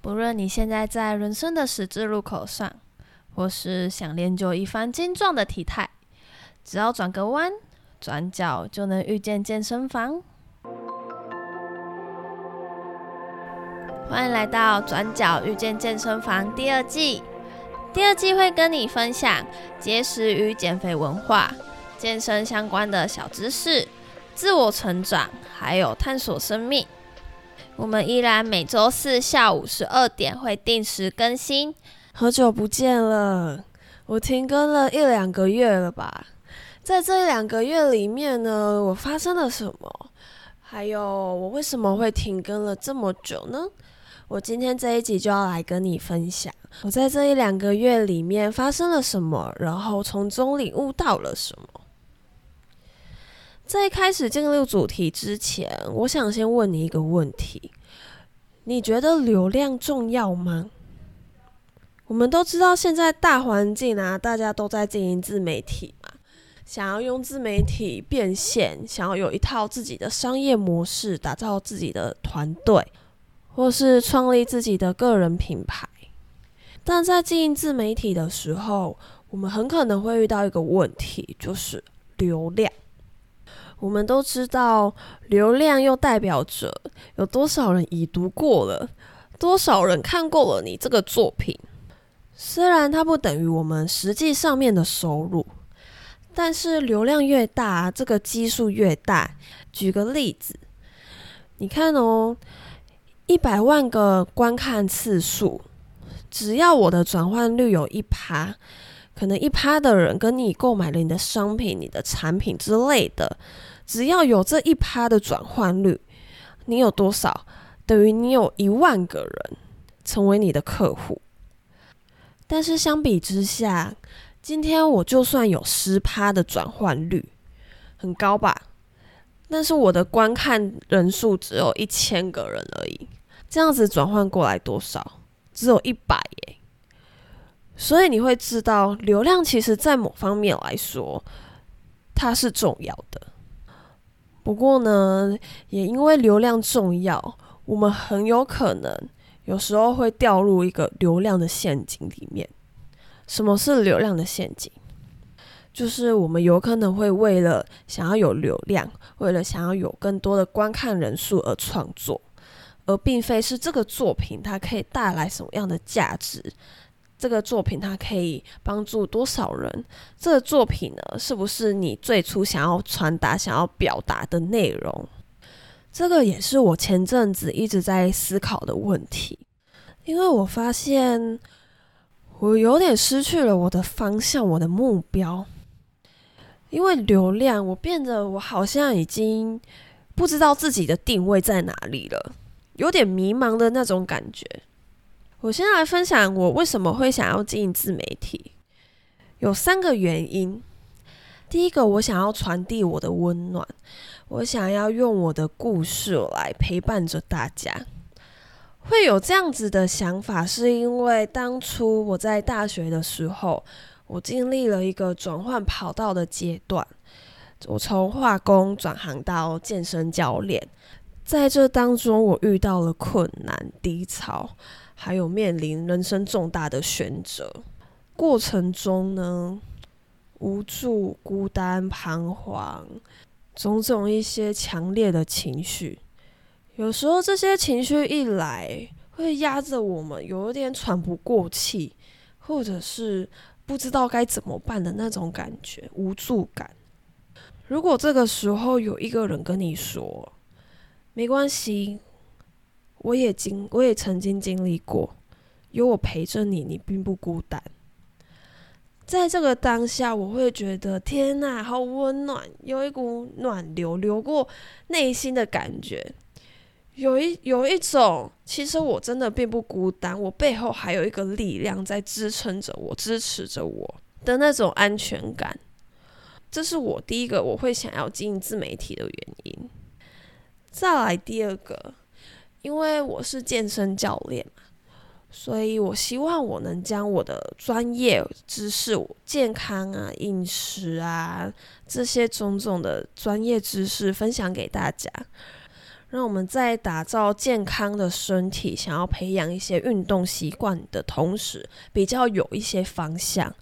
不論你現在在人生的十字路口上，或是想練就一番精壯的體態，只要轉個彎，轉角就能遇見健身房。歡迎來到《轉角遇見健身房》第二季。第二季會跟你分享節食與減肥文化、健身相關的小知識、自我成長，還有探索生命。我們依然每週四下午十二點會定時更新。好久不見了，我停更了一兩個月了吧？在這一兩個月裡面呢，我發生了什麼？還有我為什麼會停更了這麼久呢？我今天這一集就要來跟你分享，我在這一兩個月裡面發生了什麼，然後從中領悟到了什麼。在開始進入主題之前，我想先問你一個問題。你覺得流量重要嗎？我們都知道現在大環境啊，大家都在經營自媒體嘛，想要用自媒體變現，想要有一套自己的商業模式，打造自己的團隊，或是創立自己的個人品牌。但在經營自媒體的時候，我們很可能會遇到一個問題，就是流量。我們都知道，流量又代表着有多少人已讀過了，多少人看過了你這個作品。雖然它不等於我們實際上面的收入，但是流量越大，這個基數越大。舉個例子，你看哦，一百萬個觀看次數，只要我的轉換率有一趴。可能一趴的人跟你購買了你的商品、你的產品之類的，只要有這一趴的轉換率，你有多少？等於你有一萬個人成為你的客戶。但是相比之下，今天我就算有十趴的轉換率，很高吧？但是我的觀看人數只有一千個人而已，這樣子轉換過來多少？只有一百耶。所以你會知道，流量其實在某方面來說，它是重要的。不過呢，也因為流量重要，我們很有可能有時候會掉入一個流量的陷阱裡面。什麼是流量的陷阱？就是我們有可能會為了想要有流量，為了想要有更多的觀看人數而創作，而並非是這個作品它可以帶來什麼樣的價值。這個作品它可以幫助多少人？這個作品呢，是不是你最初想要傳達、想要表達的內容？這個也是我前陣子一直在思考的問題，因為我發現我有點失去了我的方向、我的目標，因為流量，我變得我好像已經不知道自己的定位在哪裡了，有點迷茫的那種感覺。我先來分享我為什麼會想要經營自媒體，有三個原因。第一個，我想要傳遞我的溫暖，我想要用我的故事來陪伴着大家。會有這樣子的想法，是因為當初我在大學的時候，我經歷了一個轉換跑道的階段，我從化工轉行到健身教練，在這當中我遇到了困難低潮。還有面臨人生重大的選擇過程中呢，無助、孤單、彷徨，種種一些強烈的情緒。有時候這些情緒一來，會壓着我們，有點喘不過氣，或者是不知道該怎麼辦的那種感覺，無助感。如果這個時候有一個人跟你說：“沒關係。”我也經，我也曾經經歷過，有我陪着你，你並不孤單。在這個當下，我會覺得天哪，好溫暖，有一股暖流流過內心的感覺，有一有一種，其實我真的並不孤單，我背後還有一個力量在支撐着我，支持着我的那種安全感。這是我第一個，我會想要經營自媒體的原因。再來第二個。因為我是健身教練，所以我希望我能將我的專業知識、健康啊、飲食啊這些種種的專業知識分享給大家，讓我們在打造健康的身體、想要培養一些運動習慣的同時，比較有一些方向。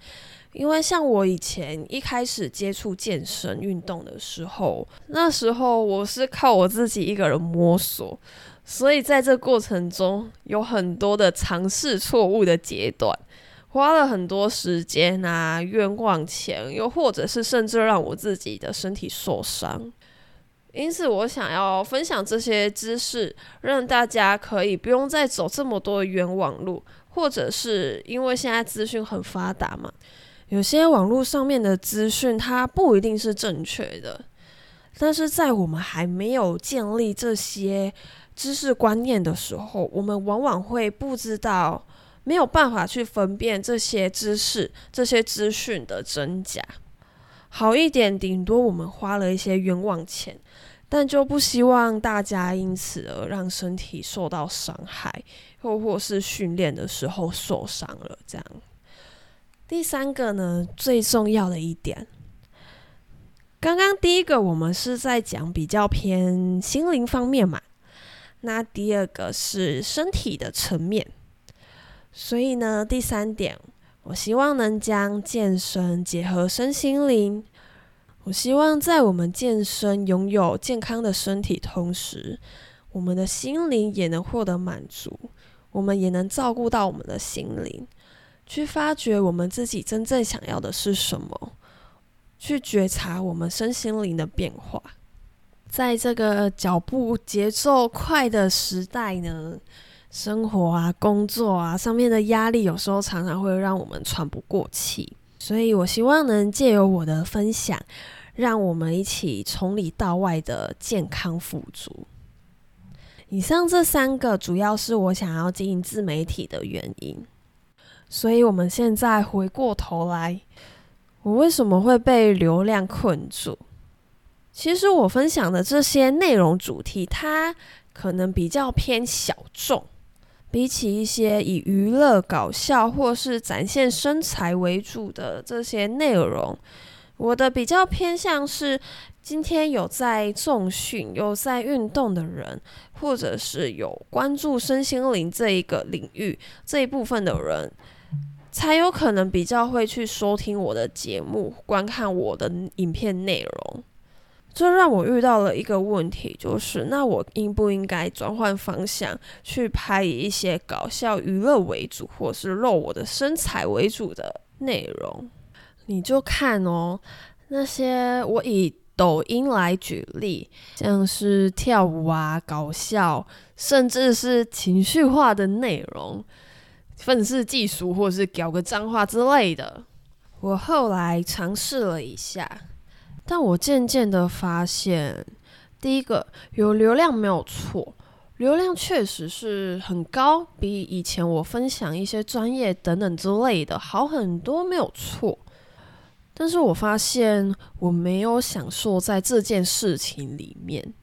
因為像我以前一開始接觸健身運動的時候，那時候我是靠我自己一個人摸索。所以，在這過程中有很多的嘗試錯誤的階段，花了很多時間啊，冤枉錢，又或者是甚至讓我自己的身體受傷。因此，我想要分享這些知識，讓大家可以不用再走這麼多的冤枉路。或者是因為現在資訊很發達嘛，有些網絡上面的資訊它不一定是正確的，但是在我們還沒有建立這些。知識觀念的時候，我們往往會不知道，沒有辦法去分辨這些知識、這些資訊的真假。好一點，頂多我們花了一些冤枉錢，但就不希望大家因此而讓身體受到傷害，又或是訓練的時候受傷了。這樣，第三個呢，最重要的一點，剛剛第一個我們是在講比較偏心靈方面嘛。那第二個是身體的層面，所以呢，第三點，我希望能將健身結合身心靈。我希望在我們健身擁有健康的身體同時，我們的心靈也能獲得滿足，我們也能照顧到我們的心靈，去發掘我們自己真正想要的是什麼，去覺察我們身心靈的變化。在這個腳步節奏快的時代呢，生活啊、工作啊上面的壓力，有時候常常會讓我們喘不過氣。所以，我希望能借由我的分享，讓我們一起從裡到外的健康富足。以上這三個，主要是我想要經營自媒體的原因。所以，我們現在回過頭來，我為什麼會被流量困住？其實我分享的這些內容主題，它可能比較偏小眾，比起一些以娛樂搞笑或是展現身材為主的這些內容，我的比較偏向是今天有在重訓、有在運動的人，或者是有關注身心靈這一個領域這一部分的人，才有可能比較會去收聽我的節目、觀看我的影片內容。這讓我遇到了一個問題，就是那我應不應該轉換方向去拍一些搞笑、娛樂為主，或是露我的身材為主的內容？你就看哦，那些我以抖音來舉例，像是跳舞啊、搞笑，甚至是情緒化的內容，憤世嫉俗，或是搞個髒話之類的。我後來嘗試了一下。但我漸漸的發現，第一個有流量沒有錯，流量確實是很高，比以前我分享一些專業等等之類的好很多，沒有錯。但是我發現我沒有享受在這件事情裡面，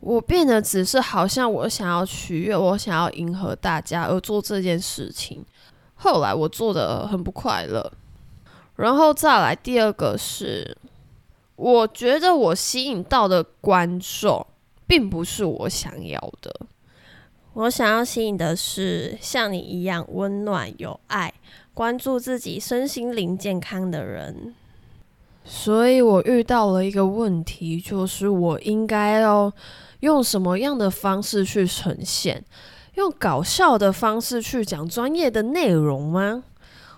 我變得只是好像我想要取悅，我想要迎合大家而做這件事情。後來我做得很不快樂，然後再來第二個是。我覺得我吸引到的觀眾並不是我想要的。我想要吸引的是像你一樣溫暖、有愛、關注自己身心靈健康的人。所以，我遇到了一個問題，就是我應該要用什麼樣的方式去呈現？用搞笑的方式去講專業的內容嗎？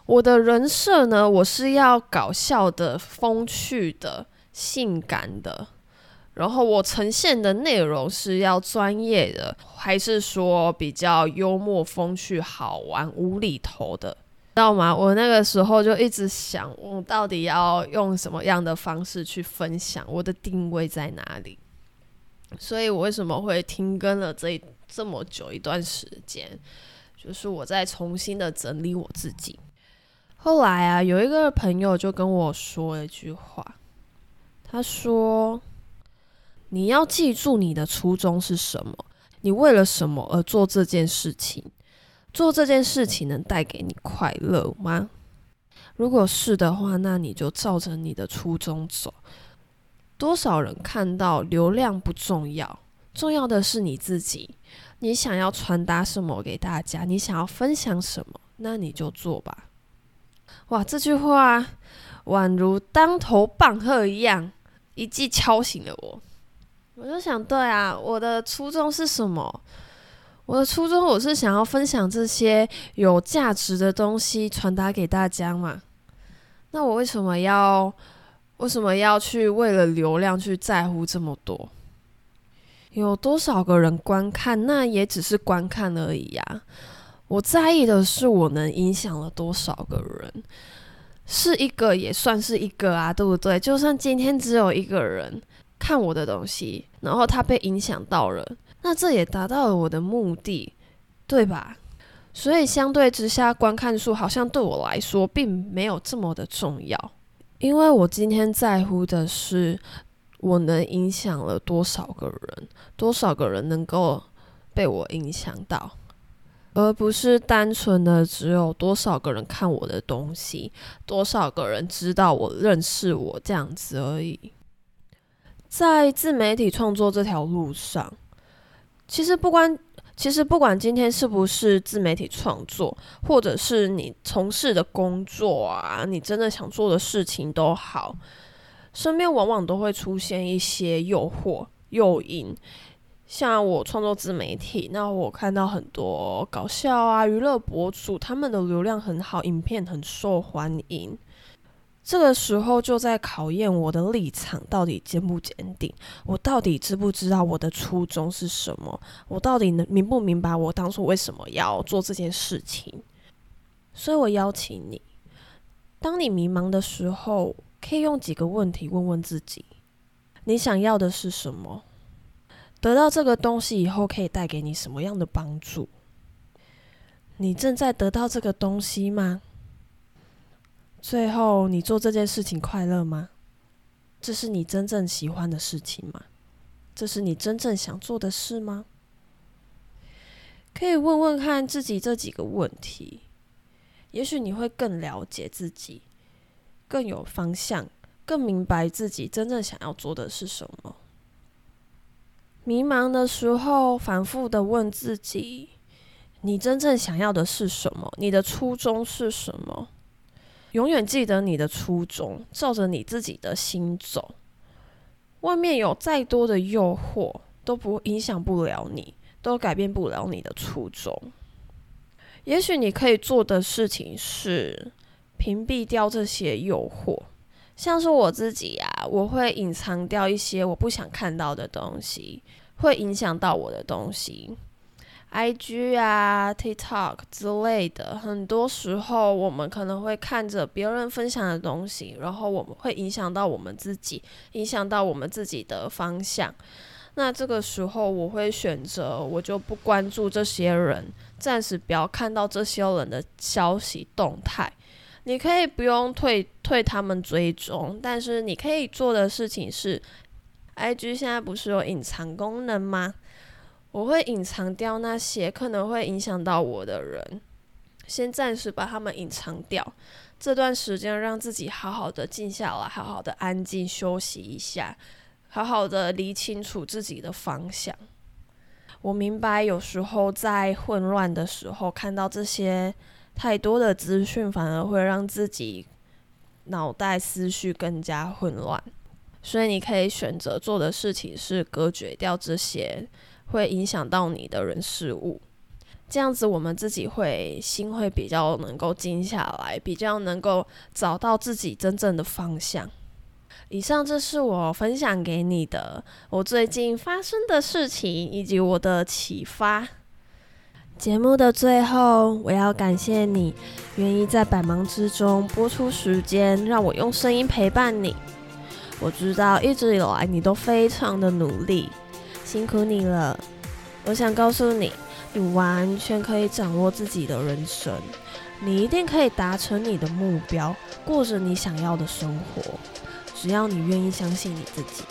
我的人設呢，我是要搞笑的、風趣的。性感的，然後我呈現的內容是要專業的，還是說比較幽默風趣、好玩、無厘頭的？知道嗎？我那個時候就一直想，我到底要用什麼樣的方式去分享？我的定位在哪裡？所以我為什麼會停更了這這麼久一段時間？就是我在重新的整理我自己。後來啊，有一個朋友就跟我說了一句話。他說：“你要記住你的初衷是什麼？你為了什麼而做這件事情？做這件事情能帶給你快樂嗎？如果是的話，那你就照着你的初衷走。多少人看到流量不重要，重要的是你自己。你想要傳達什麼給大家？你想要分享什麼？那你就做吧。哇，這句話啊。”宛如當頭棒喝一樣，一記敲醒了我。我就想，對啊，我的初衷是什麼？我的初衷，我是想要分享這些有價值的東西，傳達給大家嘛。那我為什麼要，為什麼要去為了流量去在乎這麼多？有多少個人觀看，那也只是觀看而已呀？我在意的是，我能影響了多少個人。是一個也算是一個啊，對不對？就算今天只有一個人看我的東西，然後他被影響到了，那這也達到了我的目的，對吧？所以相對之下，觀看數好像對我來說並沒有這麼的重要，因為我今天在乎的是我能影響了多少個人，多少個人能夠被我影響到。而不是單純的只有多少個人看我的東西，多少個人知道我認識我這樣子而已。在自媒體創作這條路上，其實不管、其實不管今天是不是自媒體創作，或者是你從事的工作啊，你真的想做的事情都好，身邊往往都會出現一些誘惑、誘因。像我創作自媒體，那我看到很多搞笑啊、娛樂博主，他們的流量很好，影片很受歡迎。這個時候就在考驗我的立場到底堅不堅定，我到底知不知道我的初衷是什麼？我到底能明不明白我當初為什麼要做這件事情。所以我邀請你，當你迷茫的時候，可以用幾個問題問問自己：你想要的是什麼？得到這個東西以後，可以帶給你什麼樣的幫助？你正在得到這個東西嗎？最後，你做這件事情快樂嗎？這是你真正喜歡的事情嗎？這是你真正想做的事嗎？可以問問看自己這幾個問題，也許你會更了解自己，更有方向，更明白自己真正想要做的是什麼。迷茫的時候，反覆的問自己：你真正想要的是什麼？你的初衷是什麼？永遠記得你的初衷，照着你自己的心走。外面有再多的誘惑，都不影響不了你，都改變不了你的初衷。也許你可以做的事情是屏蔽掉這些誘惑。像是我自己呀、啊，我會隱藏掉一些我不想看到的東西，會影響到我的東西。IG 啊，TikTok 之類的，很多時候我們可能會看着別人分享的東西，然後我們會影響到我們自己，影響到我們自己的方向。那這個時候，我會選擇我就不關注這些人，暫時不要看到這些人的消息動態。你可以不用退退他們追蹤，但是你可以做的事情是，IG 現在不是有隱藏功能嗎？我會隱藏掉那些可能會影響到我的人，先暫時把他們隱藏掉。這段時間讓自己好好的靜下來，好好的安靜休息一下，好好的理清楚自己的方向。我明白有時候在混亂的時候看到這些。太多的資訊反而會讓自己腦袋思緒更加混亂，所以你可以選擇做的事情是隔絕掉這些會影響到你的人事物，這樣子我們自己會心會比較能夠靜下來，比較能夠找到自己真正的方向。以上這是我分享給你的我最近發生的事情以及我的啟發。節目的最後，我要感謝你，願意在百忙之中撥出時間，讓我用聲音陪伴你。我知道一直以來你都非常的努力，辛苦你了。我想告訴你，你完全可以掌握自己的人生，你一定可以達成你的目標，過着你想要的生活。只要你願意相信你自己，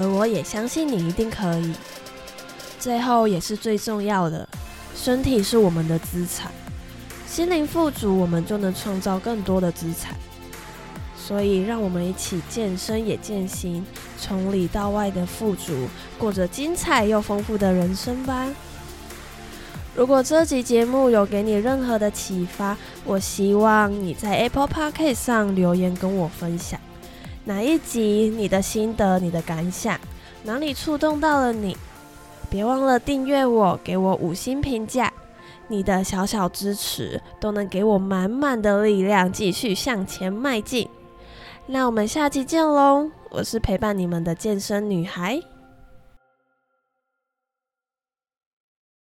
而我也相信你一定可以。最後也是最重要的。身體是我們的資產，心靈富足，我們就能創造更多的資產。所以，讓我們一起健身也健心，從裡到外的富足，過着精彩又豐富的人生吧。如果這集節目有給你任何的啟發，我希望你在 Apple Podcast 上留言跟我分享，哪一集你的心得、你的感想，哪裡觸動到了你？別忘了訂閱我，給我五星評價。你的小小支持都能給我滿滿的力量，繼續向前邁進。那我們下期見嘍！我是陪伴你們的健身女孩。